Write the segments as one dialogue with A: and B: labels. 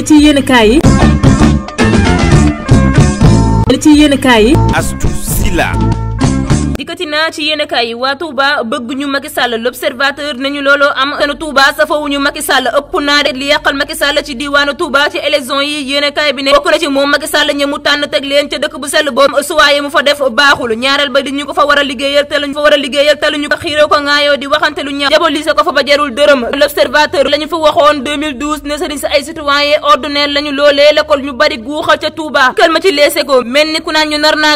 A: li ci yenn kaay yi. li ci yenn kaay yi. Astou Sylla
B: dikkati na ci yéen kaay yi waa Touba bëgg ñu Macky Sall l'observateur nañu looloo am seen Touba safawuñu Macky Sall ëpp naa de li yàqal Macky Sall ci diiwaanu Touba ci élection yi yéen kaay bi ne bokk na ci moom Macky Sall ñi tànn teg leen ca dëkk bu sell boobu baaxul ñaareel ba di ñu a liggéeyal a liggéeyal te luñu ko fa waxoon 2012 ne sëriñ si ay bari guuxal ca Touba kël ma ci leese ko mel ni ku naa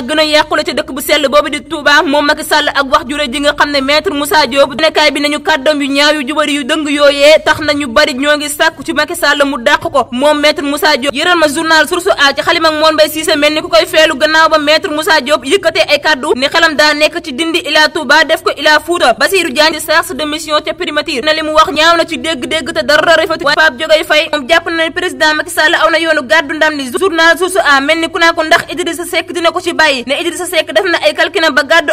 B: gën a yàqule ca dëkk bu sell boobu di Touba moom Macky Sall ak wax jure ji nga xam ne maître Moussa Diop nekkaay bi nañu kàddoom yu ñaaw yu jubari yu dëng yooyee tax na ñu bari ñoo ngi sàkku ci Macky Sall mu dàq ko moom maître Moussa Diop yëral ma journal Source A ci xalima ak Mone Mbaye Cissé mel ni ku koy feelu gannaaw ba maître Moussa Diop yëkkatee wax ñaaw na ci dégg-dégg te dara rafetu waaye Pape Diogaye Faye moom jàpp na ne aw na yoonu gàddu ndam li journal Source A mel ni ku naa ko ndax Idrissa Seck dina ko ci bàyyi ne Idrissa Seck def na ay calculam ba gàddu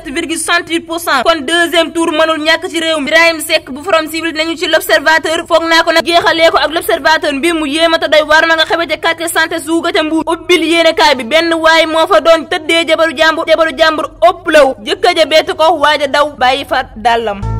B: sept virgule soixante-huit pour cent kon deuxième tour mënul ñàkk ci réew mi Birahim Seck bu Forum Civil dinañu ci l'observateur foog naa ko nag jeexalee ko ak l'observateur mbir mu yéemata doy waar ma nga xewe ca quartier santé suuga ca Mbuur ubbil yéenekaay bi benn waay moo fa doon tëddee jabaru jàmbur jabaru jàmbur law jëkkër ja bett ko waaja daw bàyyi fa dàllam